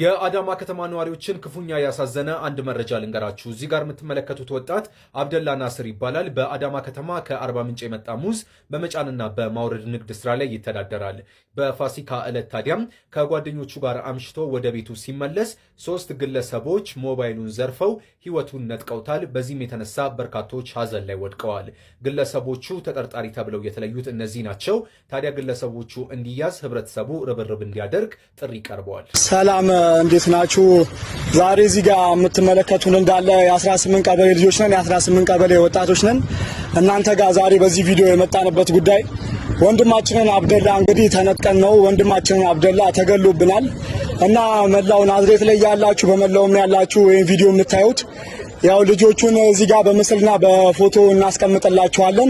የአዳማ ከተማ ነዋሪዎችን ክፉኛ ያሳዘነ አንድ መረጃ ልንገራችሁ። እዚህ ጋር የምትመለከቱት ወጣት አብደላ ናስር ይባላል። በአዳማ ከተማ ከአርባ ምንጭ የመጣ ሙዝ በመጫንና በማውረድ ንግድ ስራ ላይ ይተዳደራል። በፋሲካ ዕለት ታዲያም ከጓደኞቹ ጋር አምሽቶ ወደ ቤቱ ሲመለስ ሶስት ግለሰቦች ሞባይሉን ዘርፈው ሕይወቱን ነጥቀውታል። በዚህም የተነሳ በርካቶች ሀዘን ላይ ወድቀዋል። ግለሰቦቹ ተጠርጣሪ ተብለው የተለዩት እነዚህ ናቸው። ታዲያ ግለሰቦቹ እንዲያዝ ህብረተሰቡ ርብርብ እንዲያደርግ ጥሪ ቀርበዋል። ሰላም እንዴት ናችሁ? ዛሬ እዚህ ጋር የምትመለከቱን እንዳለ የ18 ቀበሌ ልጆች ነን፣ የ18 ቀበሌ ወጣቶች ነን። እናንተ ጋር ዛሬ በዚህ ቪዲዮ የመጣንበት ጉዳይ ወንድማችንን አብደላ እንግዲህ ተነጥቀን ነው። ወንድማችንን አብደላ ተገሎብናል እና መላው ናዝሬት ላይ ያላችሁ በመላውም ያላችሁ ወይም ቪዲዮ የምታዩት ያው ልጆቹን እዚህ ጋር በምስልና በፎቶ እናስቀምጥላችኋለን።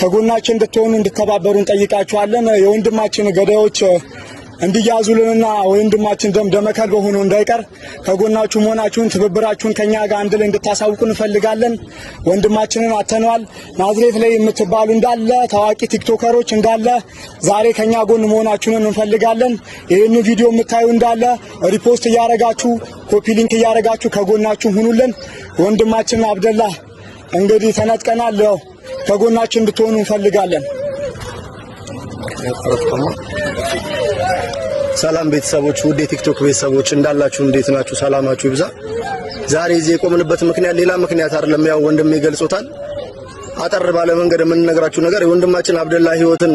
ከጎናችን እንድትሆኑ እንድተባበሩን ጠይቃችኋለን። የወንድማችን ገዳዮች እንዲያዙልንና ወንድማችን ደም ደመከልብ ሆኖ እንዳይቀር ከጎናችሁ መሆናችሁን ትብብራችሁን ከኛ ጋር አንድ ላይ እንድታሳውቁ እንፈልጋለን። ወንድማችንን አተነዋል። ናዝሬት ላይ የምትባሉ እንዳለ ታዋቂ ቲክቶከሮች እንዳለ ዛሬ ከኛ ጎን መሆናችሁን እንፈልጋለን። ይህን ቪዲዮ የምታዩ እንዳለ ሪፖስት እያረጋችሁ ኮፒ ሊንክ እያረጋችሁ ከጎናችሁ ሁኑልን። ወንድማችን አብደላ እንግዲህ ተነጥቀናል። ከጎናችን እንድትሆኑ እንፈልጋለን። ሰላም ቤተሰቦች፣ ውድ የቲክቶክ ቤተሰቦች እንዳላችሁ እንዴት ናችሁ? ሰላማችሁ ይብዛ። ዛሬ እዚህ የቆምንበት ምክንያት ሌላ ምክንያት አይደለም። ያው ወንድሜ ይገልጾታል። አጠር ባለ መንገድ የምንነግራችሁ ነገር የወንድማችን አብደላ ህይወትን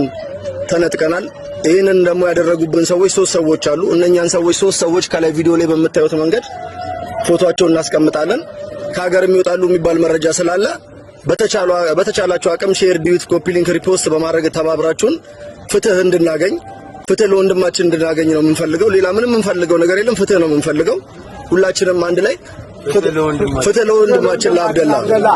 ተነጥቀናል። ይህንን ደግሞ ያደረጉብን ሰዎች ሶስት ሰዎች አሉ። እነኛን ሰዎች ሶስት ሰዎች ከላይ ቪዲዮ ላይ በምታዩት መንገድ ፎቶቸውን እናስቀምጣለን። ከሀገር የሚወጣሉ የሚባል መረጃ ስላለ በተቻላችሁ አቅም ሼር፣ ዲዩት፣ ኮፒ ሊንክ፣ ሪፖስት በማድረግ ተባብራችሁን ፍትህ እንድናገኝ ፍትህ ለወንድማችን እንድናገኝ ነው የምንፈልገው። ሌላ ምንም የምንፈልገው ነገር የለም። ፍትህ ነው የምንፈልገው። ሁላችንም አንድ ላይ ፍትህ ለወንድማችን ለአብደላ